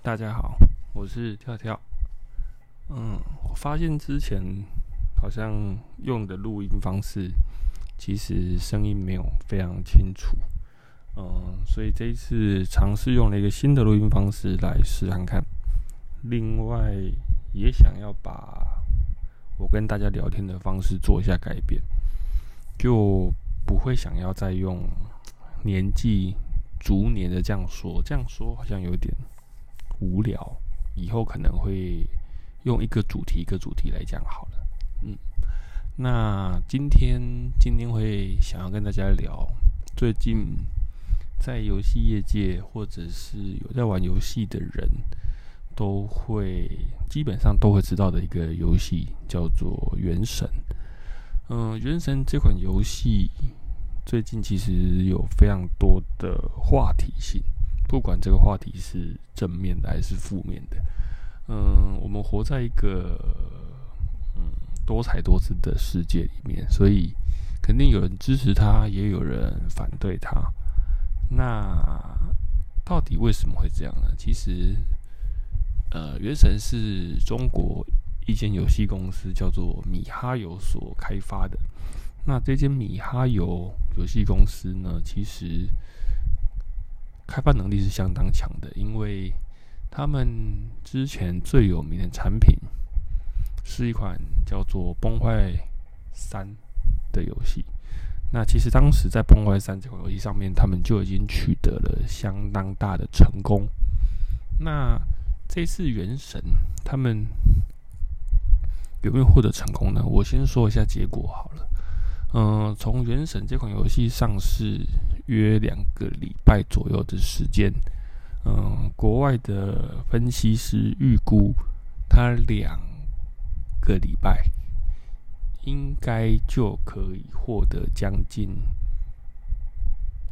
大家好，我是跳跳。嗯，我發現之前好像用的錄音方式其實聲音沒有非常清楚。嗯，所以這一次嘗試用了一個新的錄音方式來試看看。另外也想要把我跟大家聊天的方式做一下改變，就不會想要再用年紀逐年的這樣說，這樣說好像有點。無聊，以後可能會用一個主題一個主題來講好了。嗯，那今天今天會想要跟大家聊最近在遊戲業界或者是有在玩遊戲的人都會基本上都會知道的一個遊戲叫做原神，呃《原神》。嗯，《原神》這款遊戲最近其實有非常多的話題性。不管這個話題是正面的還是負面的，嗯，我們活在一個，嗯，多彩多姿的世界裡面，所以肯定有人支持它，也有人反對它。那到底為什麼會這樣呢？其實，呃，原神是中國一間遊戲公司叫做米哈遊所開發的。那這間米哈遊遊戲公司呢，其實，開發能力是相當強的，因為他們之前最有名的產品是一款叫做《崩壞三》的遊戲。那其實當時在《崩壞三》這款遊戲上面，他們就已經取得了相當大的成功。那這次《原神》他們有沒有獲得成功呢？我先說一下結果好了。嗯，從《原神》這款遊戲上市。約兩個禮拜左右的時間。嗯，國外的分析師預估，他兩個禮拜應該就可以獲得將近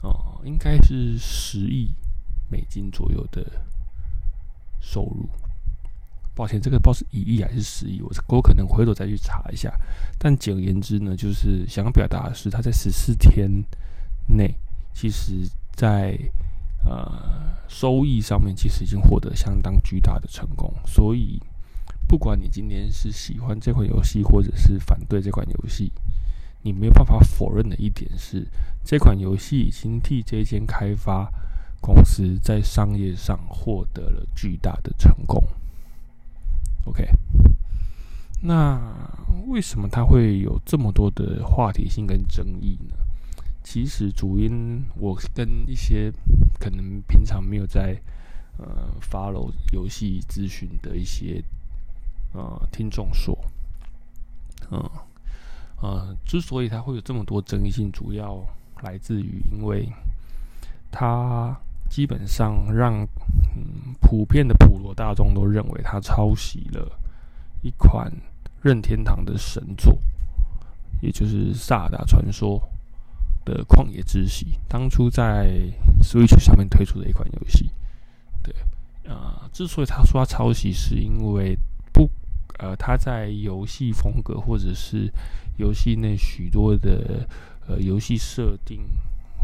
哦，應該是十億美金左右的收入。抱歉，這個不知道是一億還是十億，我我可能回頭再去查一下。但簡而言之呢，就是想要表達的是，他在十四天內。其實在呃收益上面，其實已經獲得相當巨大的成功。所以，不管你今天是喜歡這款遊戲，或者是反對這款遊戲，你沒有辦法否認的一點是，這款遊戲已經替這間開發公司在商業上獲得了巨大的成功。OK，那為什麼它會有這麼多的話題性跟爭議呢？其實，主因我跟一些可能平常沒有在呃 follow 遊戲資訊的一些呃聽眾說，嗯、呃，呃，之所以它會有這麼多爭議性，主要來自於因為它基本上讓、嗯、普遍的普羅大眾都認為它抄襲了一款任天堂的神作，也就是《薩爾達傳說》的《曠野之息》，當初在 Switch 上面推出的一款遊戲，對啊、呃，之所以他說他抄襲，是因為不呃，他在遊戲風格或者是遊戲內許多的呃遊戲設定，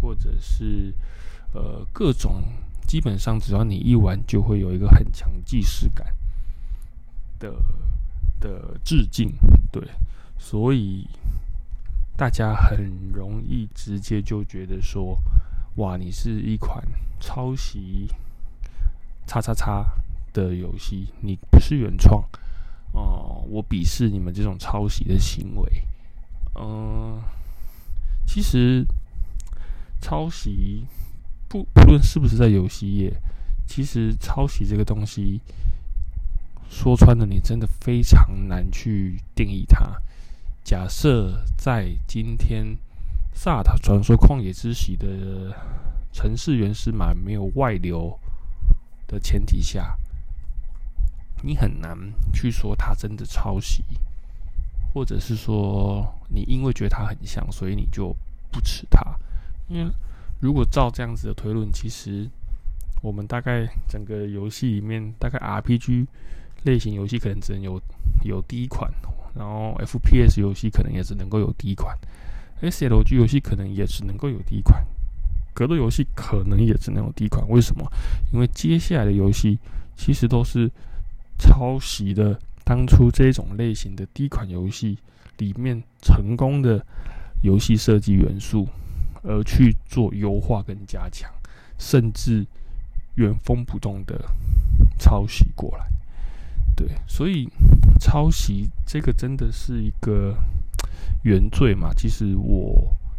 或者是呃各種，基本上只要你一玩，就會有一個很強即視感的的致敬，對，所以。大家很容易直接就覺得說，哇，你是一款抄襲叉叉叉的遊戲，你不是原創哦、呃，我鄙視你們這種抄襲的行為。嗯、呃，其實抄襲不不論是不是在遊戲業，其實抄襲這個東西，說穿了，你真的非常難去定義它。假設在今天《薩爾達傳說：曠野之息》的城市原始碼沒有外流的前提下，你很難去說它真的抄襲，或者是說你因為覺得它很像，所以你就不吃它。因、嗯、為如果照這樣子的推論，其實我們大概整個遊戲裡面，大概 RPG 類型遊戲可能只能有。有第一款，然後 FPS 遊戲可能也只能夠有第一款，SLG 遊戲可能也只能夠有第一款，格鬥遊戲可能也只能有第一款。為什麼？因為接下來的遊戲其實都是抄襲的當初這種類型的第一款遊戲裡面成功的遊戲設計元素，而去做優化跟加強，甚至原封不動的抄襲過來。對，所以。抄襲這個真的是一個原罪嘛？其實我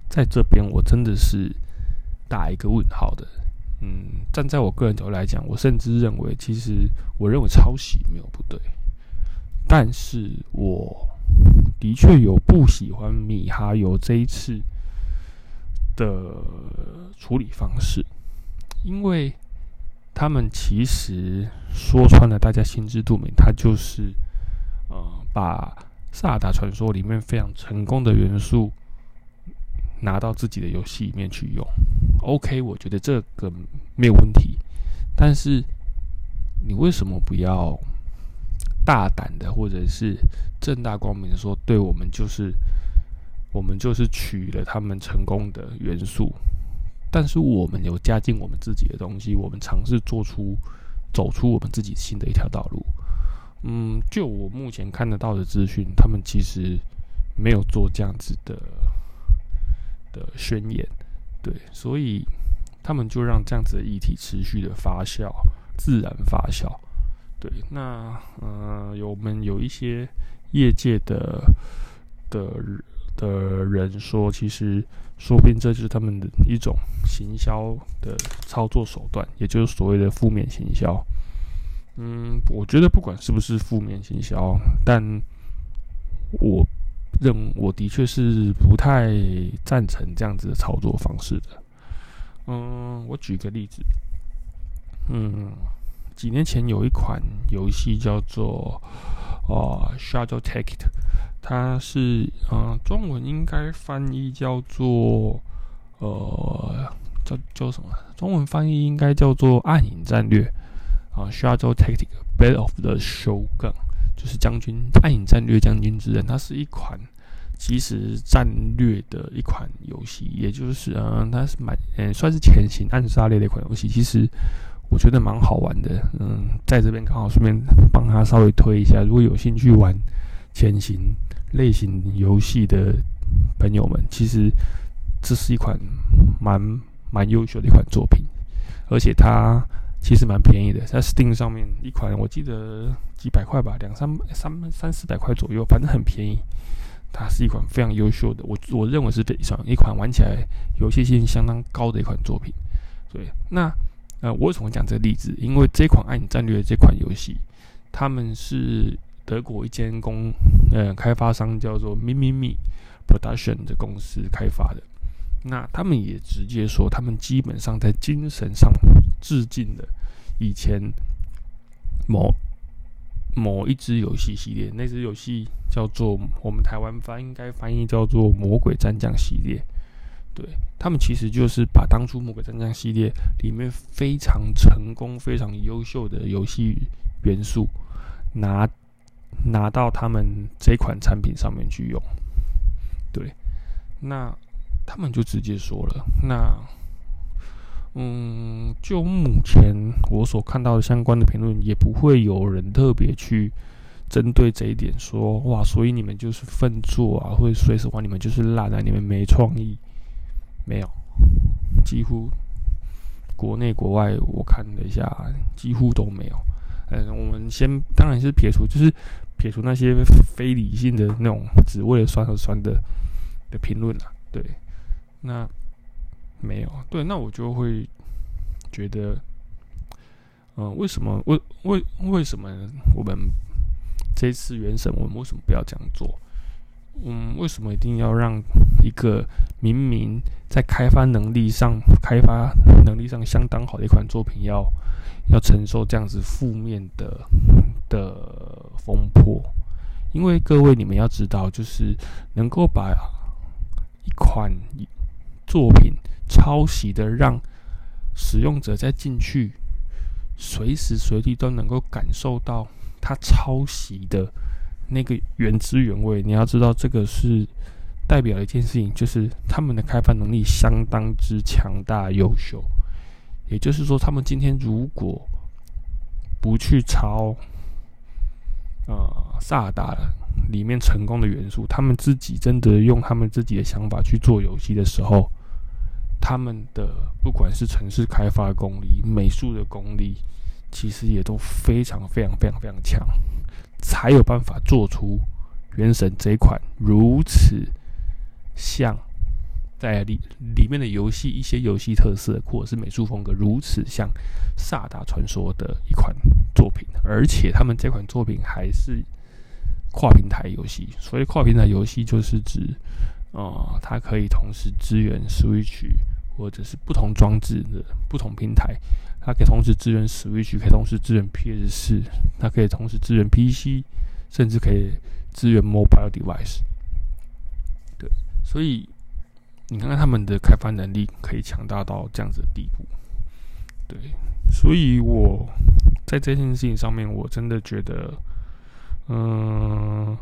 在這邊，我真的是打一個問號的。嗯，站在我個人角度來講，我甚至認為，其實我認為抄襲沒有不對，但是我的確有不喜歡米哈遊這一次的處理方式，因為他們其實說穿了，大家心知肚明，他就是。把《薩達傳說》裡面非常成功的元素拿到自己的遊戲裡面去用，OK，我覺得這個沒有問題。但是你為什麼不要大膽的，或者是正大光明的說，對我們就是我們就是取了他們成功的元素，但是我們有加進我們自己的東西，我們嘗試做出走出我們自己新的一條道路。嗯，就我目前看得到的資訊，他們其實沒有做這樣子的的宣言，對，所以他們就讓這樣子的議題持續的發酵，自然發酵，對，那嗯、呃，有我們有一些業界的的的人說，其實說不定這就是他們的一種行銷的操作手段，也就是所謂的負面行銷。嗯，我覺得不管是不是負面行銷，但我認我的確是不太贊成這樣子的操作方式的。嗯，我舉個例子。嗯，幾年前有一款遊戲叫做《啊、呃、Shadow Tactics》它是嗯、呃、中文應該翻譯叫做呃叫叫什麼？中文翻譯應該叫做《暗影戰略》。啊，Shadow Tactics: Blades of the Shogun，w 就是將軍暗影戰略將軍之刃，它是一款即時戰略的一款遊戲，也就是嗯、啊，它是蠻嗯、欸，算是潛行暗殺類的一款遊戲。其實我覺得蠻好玩的，嗯，在這邊剛好順便幫他稍微推一下，如果有興趣玩潛行類型遊戲的朋友們，其實這是一款蠻蠻優秀的一款作品，而且它。其實蠻便宜的，在 Steam 上面一款，我記得幾百塊吧，兩三三三四百塊左右，反正很便宜。它是一款非常優秀的，我我認為是非常一款玩起來遊戲性相當高的一款作品。所以那呃，我為什麼講這個例子？因為這款《暗影戰略》這款遊戲，他們是德國一間公呃開發商叫做 Mimimi Production 的公司開發的。那他們也直接說，他們基本上在精神上。致敬的，以前某某一支遊戲系列，那支遊戲叫做我們台灣翻應該翻譯叫做《魔鬼戰將》系列。對，他們其實就是把當初《魔鬼戰將》系列裡面非常成功、非常優秀的遊戲元素拿拿到他們這款產品上面去用。對，那他們就直接說了，那。嗯，就目前我所看到的相關的評論，也不會有人特別去針對這一點說，哇，所以你們就是糞作啊，或者說實話你們就是爛啊，你們沒創意，沒有，幾乎國內國外我看了一下，幾乎都沒有。嗯，我們先當然是撇除，就是撇除那些非理性的那種只為了酸而酸的的評論啊，對，那。沒有，對，那我就會覺得，嗯、呃，為什麼，為為為什麼我們這次原神，我們為什麼不要這樣做？嗯，為什麼一定要讓一個明明在開發能力上、開發能力上相當好的一款作品要、要要承受這樣子負面的的風波？因為各位你們要知道，就是能夠把一款作品。抄襲的，讓使用者在進去，隨時隨地都能夠感受到他抄襲的那個原汁原味。你要知道，這個是代表了一件事情，就是他們的開發能力相當之強大、優秀。也就是說，他們今天如果不去抄呃《薩爾達》裡面成功的元素，他們自己真的用他們自己的想法去做遊戲的時候。他們的不管是程式開發功力、美術的功力，其實也都非常非常非常非常強，才有辦法做出《原神》這款如此像在裡裡面的遊戲一些遊戲特色，或者是美術風格如此像《薩爾達傳說》的一款作品。而且他們這款作品還是跨平台遊戲，所以跨平台遊戲就是指，呃、嗯，它可以同時支援 Switch。或者是不同裝置的不同平台，它可以同時支援 Switch，可以同時支援 PS 四，它可以同時支援 PC，甚至可以支援 Mobile Device。對，所以你看看他們的開發能力可以強大到這樣子的地步。對，所以我在這件事情上面，我真的覺得，嗯、呃，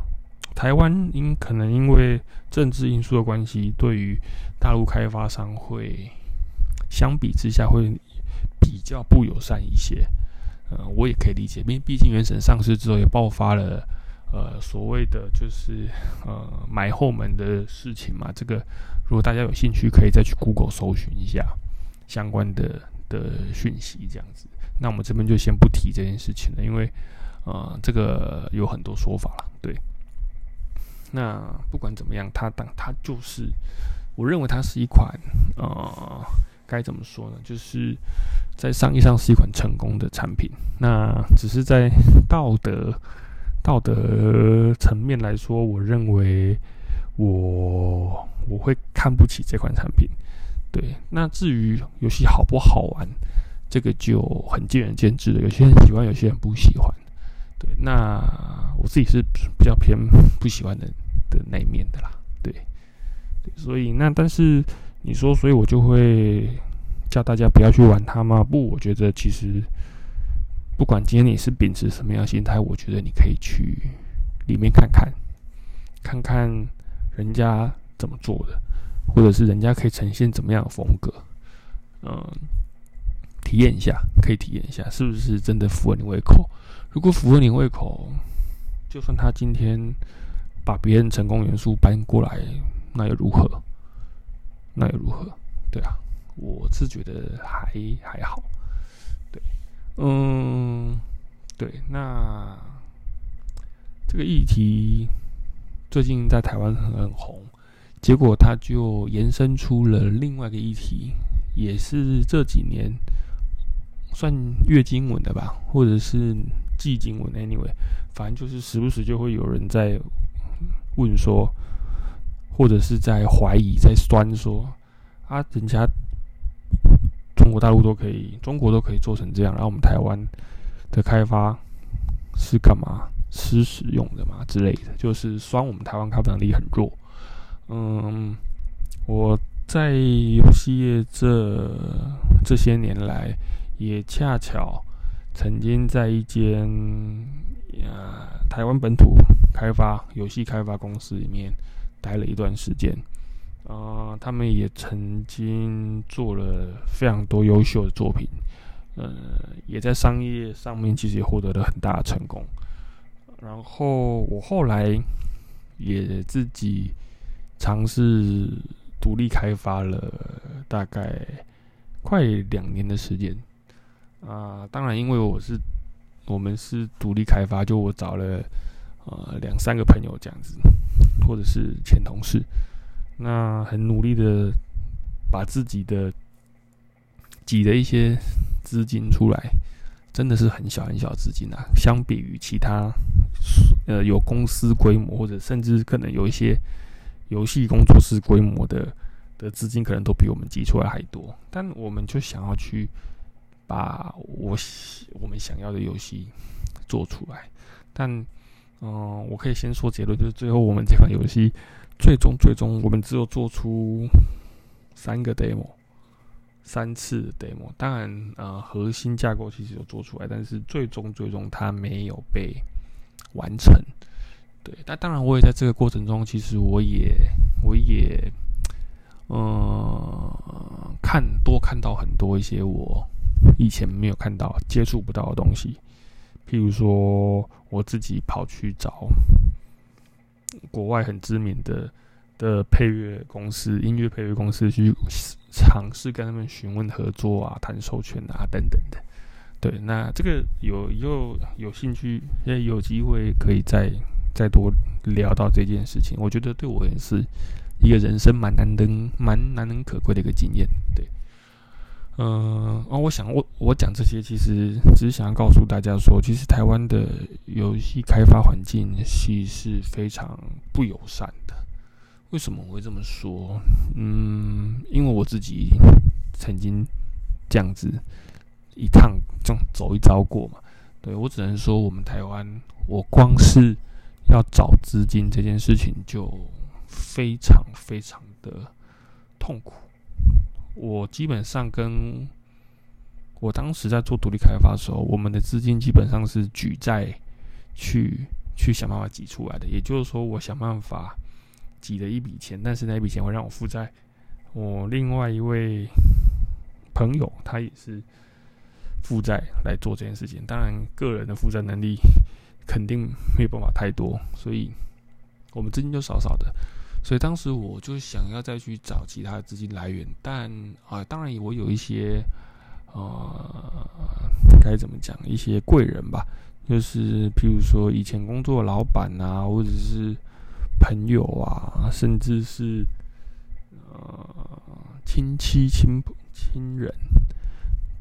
台灣因可能因為政治因素的關係，對於，大陸開發商會相比之下會比較不友善一些，嗯，我也可以理解，因為畢竟原神上市之後也爆發了呃所謂的就是呃買後門的事情嘛。這個如果大家有興趣，可以再去 Google 搜尋一下相關的訊息，這樣子。那我們這邊就先不提這件事情了，因為呃這個有很多說法了。對，那不管怎麼樣，他當他就是。我認為它是一款，呃，該怎麼說呢？就是在商業上是一款成功的產品。那只是在道德道德層面來說，我認為我我會看不起這款產品。對，那至於遊戲好不好玩，這個就很見仁見智的。有些人喜歡，有些人不喜歡。對，那我自己是比較偏不喜歡的的那一面的啦。所以，那但是你說，所以我就會叫大家不要去玩它嗎？不，我覺得其實不管今天你是秉持什麼樣的心態，我覺得你可以去裡面看看，看看人家怎麼做的，或者是人家可以呈現怎麼樣的風格，嗯，體驗一下，可以體驗一下，是不是真的符合你胃口？如果符合你胃口，就算他今天把別人成功元素搬過來。那又如何？那又如何？對啊，我是覺得還還好。對，嗯，對。那這個議題最近在台灣很，很紅，結果它就延伸出了另外一個議題，也是這幾年算月經文的吧，或者是季經文。anyway，反正就是時不時就會有人在問說。或者是在懷疑，在酸說啊，人家中國大陸都可以，中國都可以做成這樣，然後我們台灣的開發是幹嘛吃屎用的嘛之類的，就是酸我們台灣開發能力很弱。嗯，我在遊戲業這這些年來，也恰巧曾經在一間呃、啊、台灣本土開發遊戲開發公司裡面待了一段時間，啊、呃，他們也曾經做了非常多優秀的作品，呃，也在商業上面其實也獲得了很大的成功。然後我後來也自己嘗試獨立開發了大概快兩年的時間，啊、呃，當然因為我是我們是獨立開發，就我找了呃、兩三個朋友這樣子。或者是前同事，那很努力的把自己的擠的一些資金出來，真的是很小很小的資金啊！相比於其他，呃，有公司規模或者甚至可能有一些遊戲工作室規模的的資金，可能都比我們擠出來還多。但我們就想要去把我我們想要的遊戲做出來，但。嗯，我可以先說結論，就是最後我們這款遊戲，最終最終我們只有做出三個 demo，三次 demo。當然，呃、嗯，核心架構其實有做出來，但是最終最終它沒有被完成。對，但當然，我也在這個過程中，其實我也我也，嗯，看多看到很多一些我以前沒有看到、接觸不到的東西。譬如說，我自己跑去找國外很知名的的配樂公司、音樂配樂公司去嘗試跟他們詢問合作啊、談授權啊等等的。對，那這個有有有興趣，也有機會可以再再多聊到這件事情，我覺得對我也是一個人生蠻難得、蠻難能可貴的一個經驗。對。嗯、呃啊，我想我我講這些，其實只是想要告訴大家說，其實台灣的遊戲開發環境系是非常不友善的。為什麼我會這麼說？嗯，因為我自己曾經這樣子一趟這樣走一遭過嘛。對，我只能說，我們台灣，我光是要找資金這件事情就非常非常的痛苦。我基本上跟我當時在做獨立開發的時候，我們的資金基本上是舉債去去想辦法擠出來的。也就是說，我想辦法擠了一筆錢，但是那筆錢會讓我負債。我另外一位朋友他也是負債來做這件事情。當然，個人的負債能力肯定沒有辦法太多，所以我們資金就少少的。所以當時我就想要再去找其他資金來源，但啊，當然我有一些，呃，該怎麼講，一些貴人吧，就是譬如說以前工作的老闆啊，或者是朋友啊，甚至是呃親戚親親人，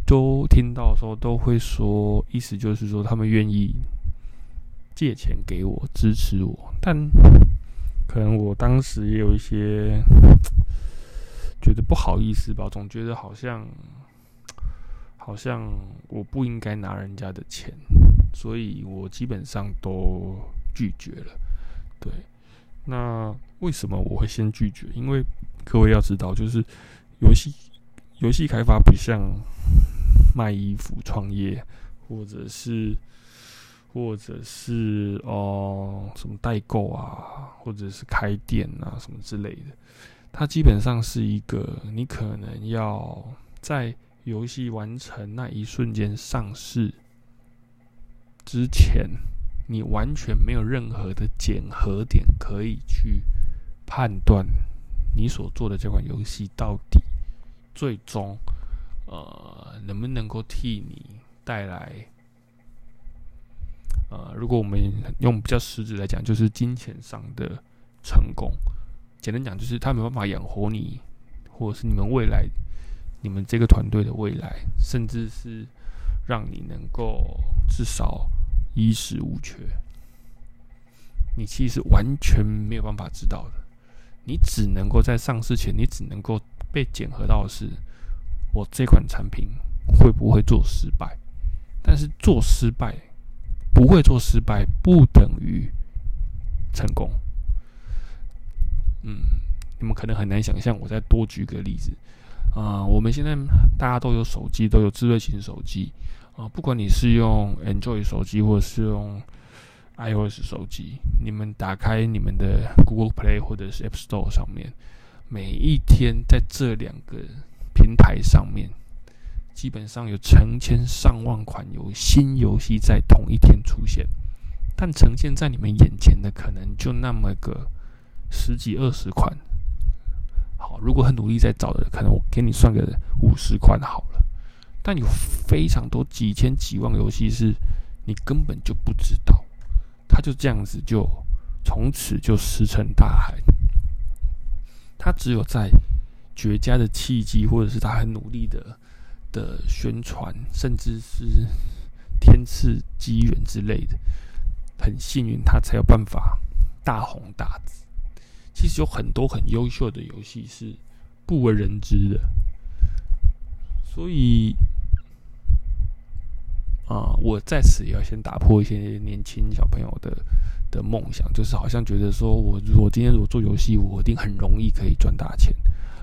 都聽到的時候都會說，意思就是說他們願意借錢給我支持我，但。可能我當時也有一些覺得不好意思吧，總覺得好像好像我不應該拿人家的錢，所以我基本上都拒絕了。對，那為什麼我會先拒絕？因為各位要知道，就是遊戲遊戲開發不像賣衣服創業或者是。或者是哦什麼代購啊，或者是開店啊什麼之類的，它基本上是一個你可能要在遊戲完成那一瞬間上市之前，你完全沒有任何的檢核點可以去判斷你所做的這款遊戲到底最終呃能不能夠替你帶來。呃，如果我們用比較實質來講，就是金錢上的成功。簡單講，就是他沒辦法養活你，或者是你們未來、你們這個團隊的未來，甚至是讓你能夠至少衣食無缺。你其實完全沒有辦法知道的，你只能夠在上市前，你只能夠被檢核到的是，我這款產品會不會做失敗？但是做失敗。不會做失敗不等於成功。嗯，你們可能很難想象，我再多舉個例子啊、呃。我們現在大家都有手機，都有智慧型手機啊、呃。不管你是用 Android 手機，或者是用 iOS 手機，你們打開你們的 Google Play 或者是 App Store 上面，每一天在這兩個平台上面，基本上有成千上萬款有新遊戲在同一天出現，但呈現在你們眼前的可能就那麼個十幾二十款。好，如果很努力在找的，可能我給你算個五十款好了。但有非常多幾千幾萬遊戲是你根本就不知道，他就這樣子就從此就石沉大海。他只有在絕佳的契機，或者是他很努力的。的宣傳，甚至是天賜機緣之類的，很幸運他才有辦法大紅大紫，其實有很多很優秀的遊戲是不為人知的，所以啊，嗯，我在此也要先打破一些年輕小朋友的的夢想，就是好像覺得說我，我如果今天如果做遊戲，我一定很容易可以賺大錢。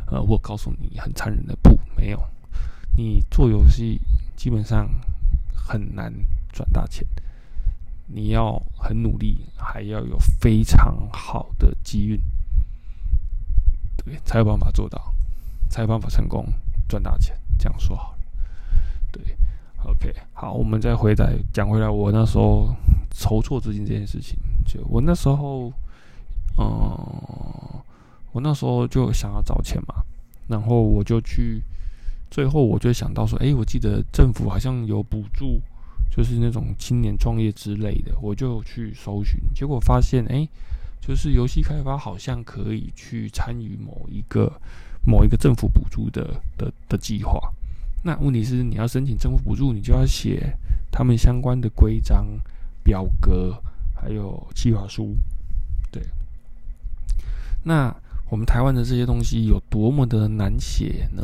呃，嗯，我告訴你，很殘忍的，不，沒有。你做遊戲基本上很難賺大錢，你要很努力，還要有非常好的機運，對，才有辦法做到，才有辦法成功賺大錢。這樣說好了，對，OK，好，我們再回來講回來，我那時候籌措資金這件事情，就我那時候，嗯，我那時候就想要找錢嘛，然後我就去。最後我就想到說：“欸，我記得政府好像有補助，就是那種青年創業之類的。”我就去搜尋，結果發現欸，就是遊戲開發好像可以去參與某一個某一個政府補助的的的計劃。那問題是，你要申請政府補助，你就要寫他們相關的規章、表格，還有計劃書。對。那我們台灣的這些東西有多麼的難寫呢？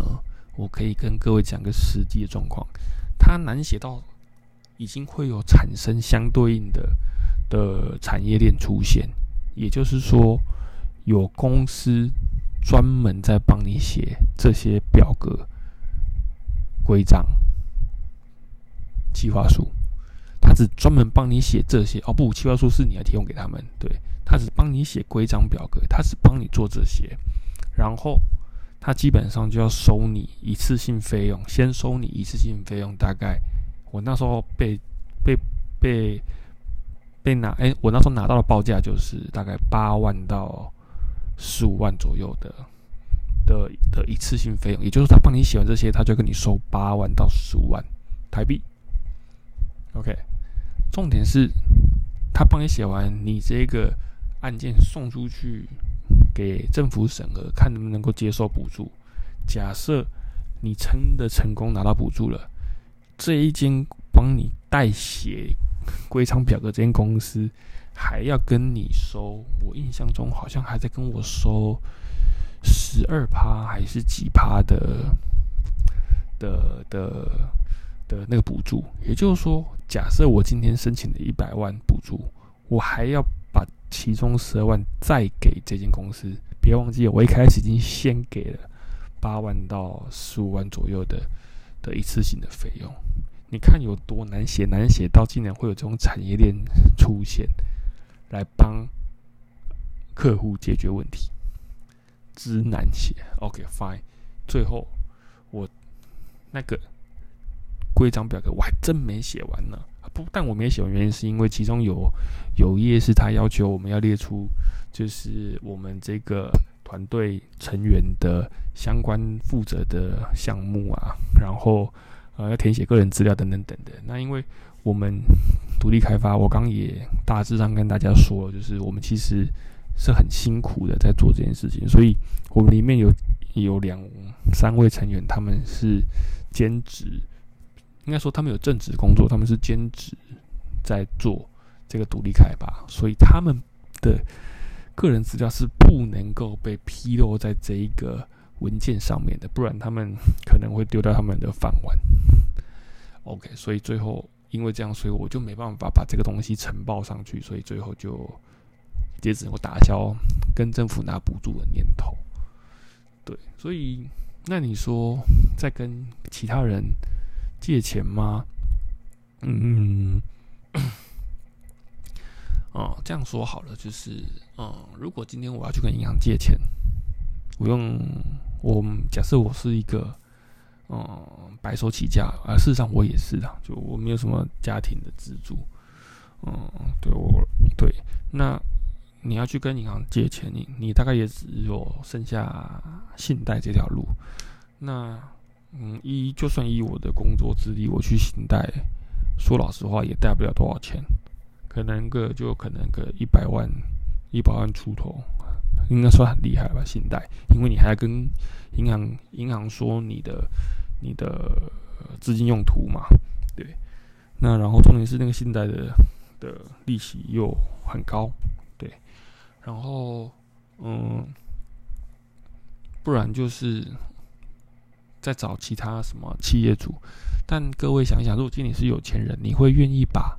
我可以跟各位講個實際的狀況，它難寫到已經會有產生相對應的的產業鏈出現，也就是說，有公司專門在幫你寫這些表格、規章、計劃書，他只專門幫你寫這些。哦，不，計劃書是你要提供給他們，對，他只幫你寫規章表格，他只幫你做這些，然後。他基本上就要收你一次性費用，先收你一次性費用。大概我那時候被被被被拿哎、欸,我那時候拿到的報價就是大概八萬到十五萬左右的的的一次性費用，也就是說他幫你寫完這些，他就跟你收八萬到十五萬台幣。OK，重點是他幫你寫完，你這個案件送出去。給政府審核，看能不能夠接受補助。假設你真的成功拿到補助了，這一間幫你代寫歸倉表格這間公司還要跟你收，我印象中好像還在跟我收十二趴還是幾趴的的的的，的那個補助。也就是說，假設我今天申請了一百萬補助，我還要。其中十二萬再給這間公司，別忘記，我一開始已經先給了八萬到十五萬左右的的一次性的費用。你看有多難寫，難寫到竟然會有這種產業鏈出現，來幫客戶解決問題，之難寫。OK，fine。最後我那個規章表格我還真沒寫完呢。不，但我們也喜歡，原因是因為其中有有一頁是他要求我們要列出，就是我們這個團隊成員的相關負責的項目啊，然後呃要填寫個人資料等等等等的。那因為我們獨立開發，我剛也大致上跟大家說了，就是我們其實是很辛苦的在做這件事情，所以我們裡面有有兩三位成員他們是兼職。應該說，他們有正職工作，他們是兼職在做這個獨立開發，所以他們的個人資料是不能夠被披露在這一個文件上面的，不然他們可能會丟掉他們的飯碗。OK，所以最後因為這樣，所以我就沒辦法把這個東西呈報上去，所以最後就也只能夠打消跟政府拿補助的念頭。對，所以那你說在跟其他人借錢嗎？嗯，哦、嗯，這樣說好了，就是，嗯，如果今天我要去跟銀行借錢，不用，我假設我是一個，嗯，白手起家，啊、呃，事實上我也是啊，就我沒有什麼家庭的資助。嗯，對我對，那你要去跟銀行借錢，你你大概也只有剩下信貸這條路，那。嗯，依就算以我的工作資歷，我去信貸，說老實話也貸不了多少錢，可能個就可能個一百萬，一百萬出頭，應該算很厲害吧？信貸，因為你還要跟銀行銀行說你的你的資金用途嘛，對。那然後重點是那個信貸的的利息又很高，對。然後嗯，不然就是。再找其他什麼企業主，但各位想一想，如果今天你是有錢人，你會願意把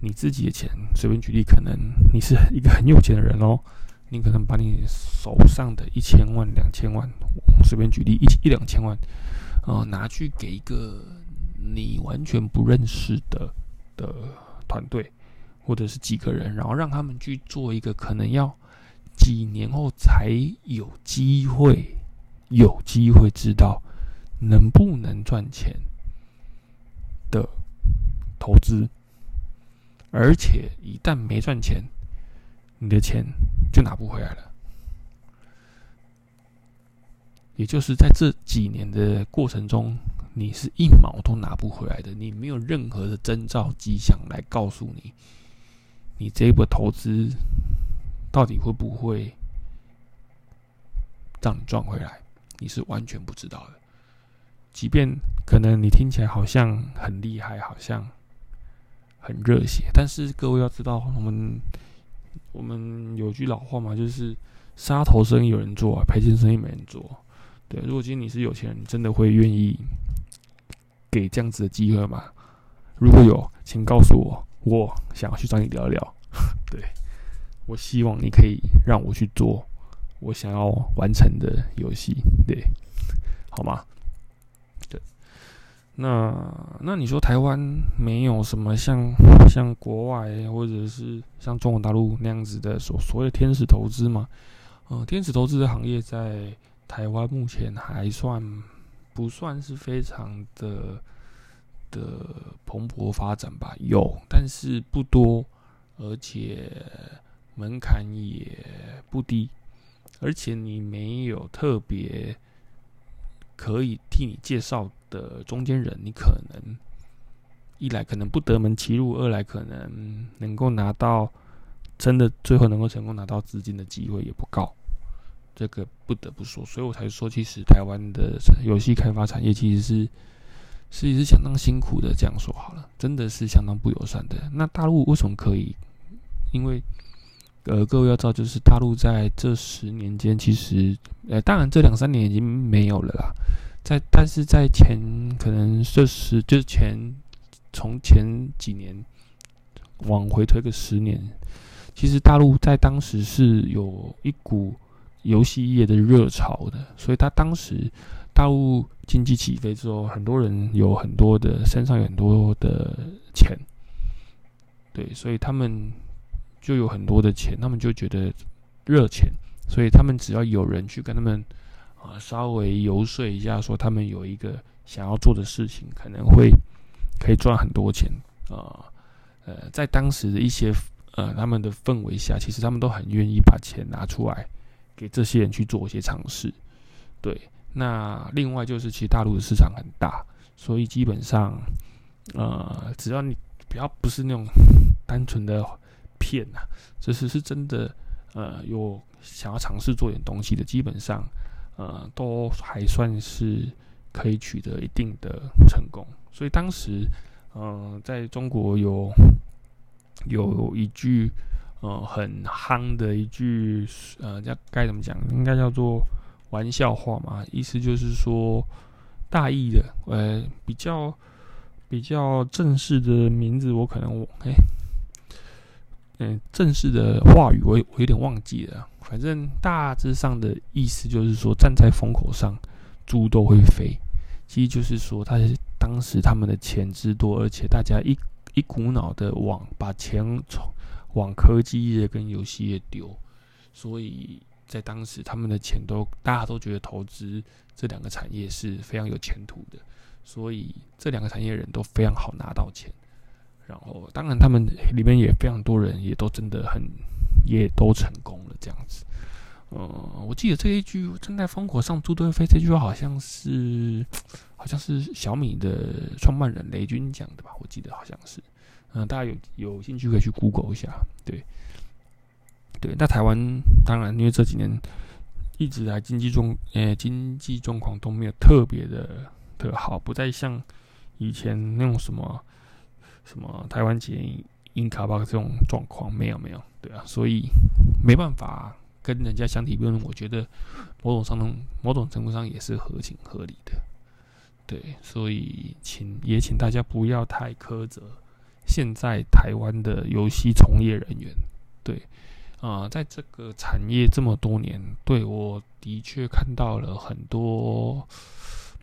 你自己的錢，隨便舉例，可能你是一個很有錢的人哦，你可能把你手上的一千萬、兩千萬，隨便舉例一、一兩千萬，哦，拿去給一個你完全不認識的的團隊，或者是幾個人，然後讓他們去做一個可能要幾年後才有機會。有機會知道能不能賺錢的投資，而且一旦沒賺錢，你的錢就拿不回來了。也就是在這幾年的過程中，你是一毛都拿不回來的。你沒有任何的徵兆跡象來告訴你，你這一波投資到底會不會讓你賺回來。你是完全不知道的，即便可能你聽起來好像很厲害，好像很熱血，但是各位要知道，我們我們有句老話嘛，就是“殺頭生意有人做，啊，賠錢生意沒人做”。對，如果今天你是有錢人，你真的會願意給這樣子的機會嗎？如果有，請告訴我，我想要去找你聊一聊。對，我希望你可以讓我去做。我想要完成的遊戲，對，好嗎？對，那那你說台灣沒有什麼像像國外或者是像中國大陸那樣子的所所謂的天使投資嗎？嗯、呃，天使投資的行業在台灣目前還算不算是非常的的蓬勃發展吧？有，但是不多，而且門檻也不低。而且你沒有特別可以替你介紹的中間人，你可能一來可能不得門其入，二來可能能夠拿到真的最後能夠成功拿到資金的機會也不高，這個不得不說，所以我才說，其實台灣的遊戲開發產業其實是，是一直相當辛苦的，這樣說好了，真的是相當不友善的。那大陸為什麼可以？因為呃，各位要知道，就是大陸在這十年間，其實，呃，當然這兩三年已經沒有了啦。在，但是在前可能這十，就是前從前幾年往回推個十年，其實大陸在當時是有一股遊戲業的熱潮的，所以他當時大陸經濟起飛之後，很多人有很多的身上有很多的錢，對，所以他們。就有很多的錢，他們就覺得熱錢，所以他們只要有人去跟他們啊、呃、稍微遊說一下，說他們有一個想要做的事情，可能會可以賺很多錢啊、呃。呃，在當時的一些呃他們的氛圍下，其實他們都很願意把錢拿出來給這些人去做一些嘗試。對，那另外就是，其實大陸的市場很大，所以基本上呃，只要你不要不是那種 單純的。騙啊，這是是真的，呃，有想要嘗試做點東西的，基本上，呃，都還算是可以取得一定的成功。所以當時，嗯、呃，在中國有有，有一句，呃，很夯的一句，呃，叫該怎麼講？應該叫做玩笑話嘛。意思就是說，大意的，呃，比較比較正式的名字，我可能我哎。欸嗯，正式的話語我我有點忘記了啊，反正大致上的意思就是說，站在風口上，豬都會飛。其實就是說，他當時他們的錢之多，而且大家一一股腦的往把錢從往科技業跟遊戲業丟，所以在當時他們的錢都大家都覺得投資這兩個產業是非常有前途的，所以這兩個產業人都非常好拿到錢。然後，當然，他們裡面也非常多人，也都真的很，也都成功了這樣子。嗯，我記得這一句“正在風口上豬都會飛”這句話，好像是，好像是小米的創辦人雷軍講的吧？我記得好像是。嗯，大家有有興趣可以去 Google 一下。對，對。那台灣當然，因為這幾年一直在經濟狀，呃、欸，經濟狀況都沒有特別的的好，不再像以前那種什麼。什麼台灣錢硬卡巴這種狀況，沒有沒有。對啊，所以沒辦法跟人家相提並論。我覺得某種程度某種程度上也是合情合理的，對，所以請也請大家不要太苛責現在台灣的遊戲從業人員。對，啊、呃，在這個產業這麼多年，對，我的確看到了很多，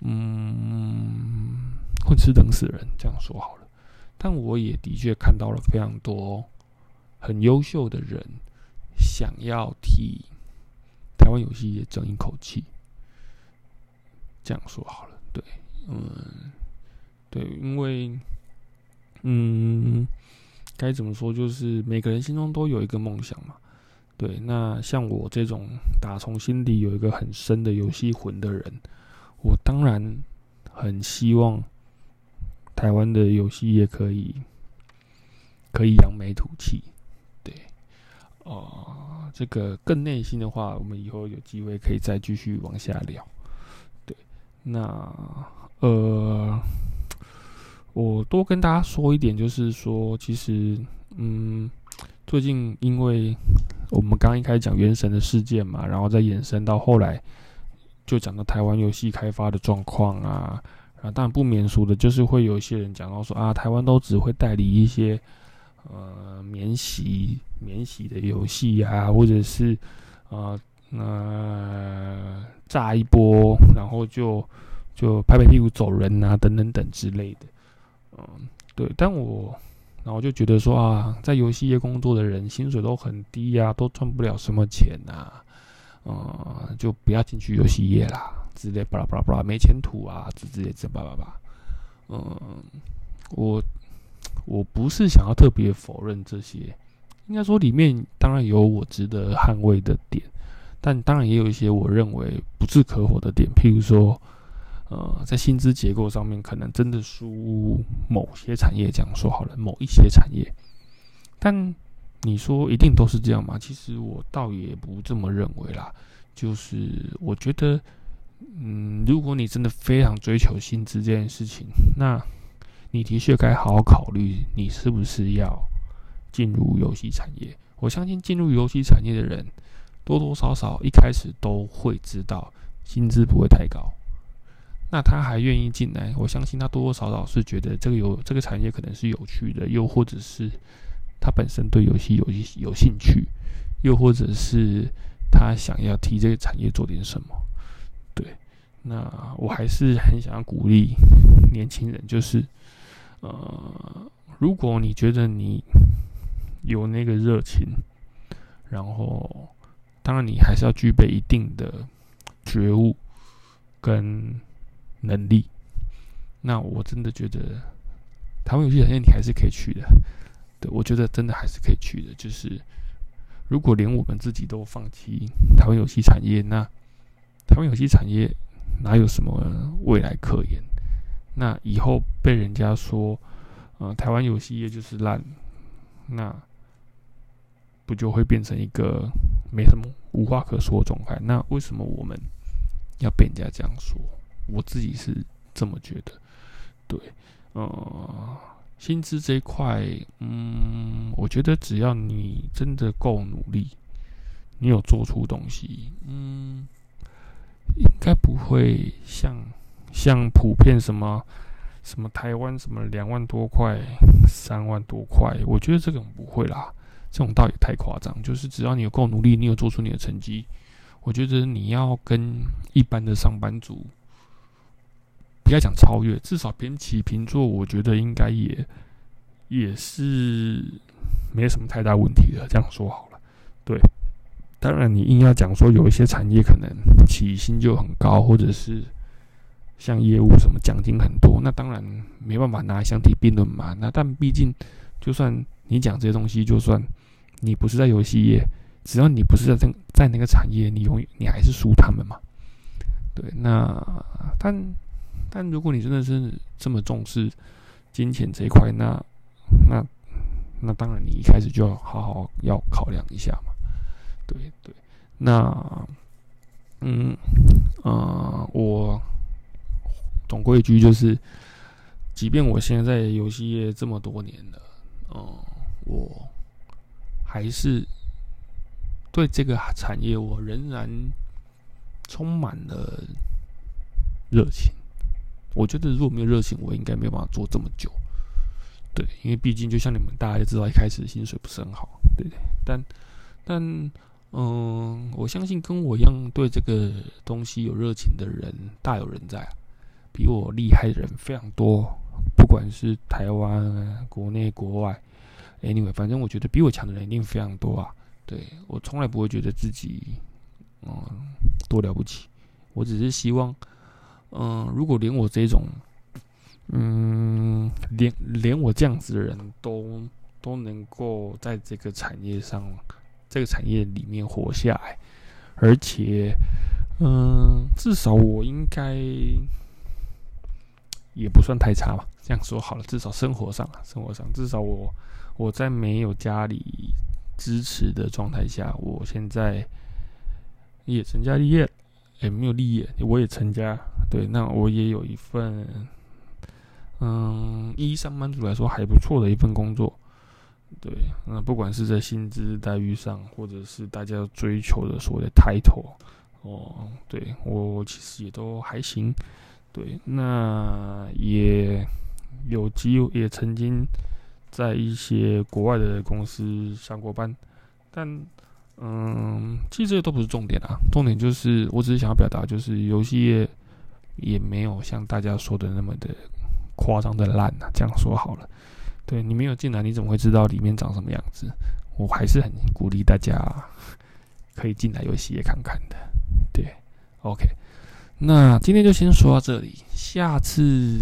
嗯，混吃等死的人這樣說好了。但我也的確看到了非常多很優秀的人想要替台灣遊戲業爭一口氣。這樣說好了，對，嗯，對，因為，嗯，該怎麼說，就是每個人心中都有一個夢想嘛。對，那像我這種打從心底有一個很深的遊戲魂的人，我當然很希望。台灣的遊戲也可以，可以揚眉吐氣，對，哦、呃，這個更內心的話，我們以後有機會可以再繼續往下聊。對，那呃，我多跟大家說一點，就是說，其實，嗯，最近因為我們剛剛一開始講《原神》的事件嘛，然後再延伸到後來，就講到台灣遊戲開發的狀況啊。啊，但不免俗的就是會有一些人講到說，啊，台灣都只會代理一些呃，免洗免洗的遊戲啊，或者是呃呃，炸一波，然後就就拍拍屁股走人啊，等等等之類的。嗯，對。但我然後就覺得說啊，在遊戲業工作的人薪水都很低呀，啊，都賺不了什麼錢啊，嗯，就不要進去遊戲業啦。之類，巴拉巴拉巴拉，沒前途啊，這之類這巴拉巴拉。嗯、呃，我我不是想要特別否認這些，應該說裡面當然有我值得捍衛的點，但當然也有一些我認為不置可否的點，譬如說，呃，在薪資結構上面，可能真的輸某些產業，這樣說好了，某一些產業。但你說一定都是這樣嗎？其實我倒也不這麼認為啦，就是我覺得。嗯，如果你真的非常追求薪資這件事情，那你的確該好好考慮，你是不是要進入遊戲產業。我相信進入遊戲產業的人，多多少少一開始都會知道薪資不會太高。那他還願意進來，我相信他多多少少是覺得這個遊這個產業可能是有趣的，又或者是他本身對遊戲有有興趣，又或者是他想要替這個產業做點什麼。那我還是很想要鼓勵年輕人，就是，呃，如果你覺得你有那個熱情，然後當然你還是要具備一定的覺悟跟能力，那我真的覺得台灣遊戲產業你還是可以去的，對，我覺得真的還是可以去的。就是如果連我們自己都有放棄台灣遊戲產業，那台灣遊戲產業。哪有什麼未來可言？那以後被人家說，呃，台灣遊戲業就是爛，那不就會變成一個沒什麼無話可說的狀態？那為什麼我們要被人家這樣說？我自己是這麼覺得。對，嗯、呃，薪資這一塊，嗯，我覺得只要你真的夠努力，你有做出東西，嗯。應該不會像像普遍什麼什麼台灣什麼兩萬多塊三萬多塊，我覺得這種不會啦，這種倒也太誇張。就是只要你有夠努力，你有做出你的成績，我覺得你要跟一般的上班族，不要講超越，至少平起平坐，我覺得應該也也是沒什麼太大問題的。這樣說好了，對。當然，你硬要講說有一些產業可能起薪就很高，或者是像業務什麼獎金很多，那當然沒辦法拿來相提並論嘛。那但畢竟，就算你講這些東西，就算你不是在遊戲業，只要你不是在在那個產業，你永遠你還是輸他們嘛。對，那但但如果你真的是這麼重視金錢這一塊，那那那當然你一開始就要好好要考量一下。對對，那，嗯啊、呃，我總歸一句就是，即便我現在在遊戲業這麼多年了，嗯、呃，我還是對這個產業我仍然充滿了熱情。我覺得如果沒有熱情，我應該沒有辦法做這麼久。對，因為畢竟就像你們大家就知道，一開始薪水不是很好，對不對？但但。嗯，我相信跟我一樣對這個東西有熱情的人大有人在啊，比我厲害的人非常多，不管是台灣、國內、國外，anyway，反正我覺得比我強的人一定非常多啊。對，我從來不會覺得自己，嗯，多了不起，我只是希望，嗯，如果連我這種，嗯，連連我這樣子的人都都能夠在這個產業上。這個產業裡面活下來，而且，嗯，至少我應該也不算太差吧。這樣說好了，至少生活上，生活上，至少我我在沒有家裡支持的狀態下，我現在也成家立業了，哎、欸，沒有立業，我也成家。對，那我也有一份，嗯，以上班族來說還不錯的一份工作。對，那不管是在薪資待遇上，或者是大家追求的所謂的 title，哦，對我其實也都還行。對，那也有機會，也曾經在一些國外的公司上過班，但嗯，其實這些都不是重點啊。重點就是，我只是想要表達，就是遊戲業也沒有像大家說的那麼的誇張的爛吶、啊。這樣說好了。對，你沒有進來，你怎麼會知道裡面長什麼樣子？我還是很鼓勵大家可以進來遊戲業看看的。對，OK，那今天就先說到這裡，下次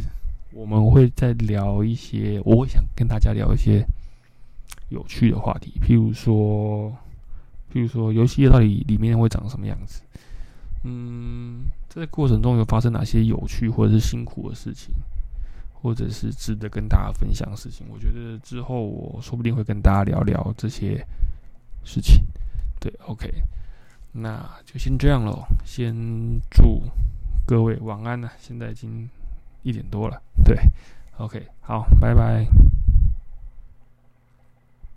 我們會再聊一些。我會想跟大家聊一些有趣的話題，譬如說，譬如說，遊戲到底裡面會長什麼樣子？嗯，在過程中有發生哪些有趣或者是辛苦的事情？或者是值得跟大家分享的事情，我覺得之後我說不定會跟大家聊聊這些事情。對，OK，那就先這樣咯。先祝各位晚安了啊，現在已經一點多了，對，OK，好，拜拜。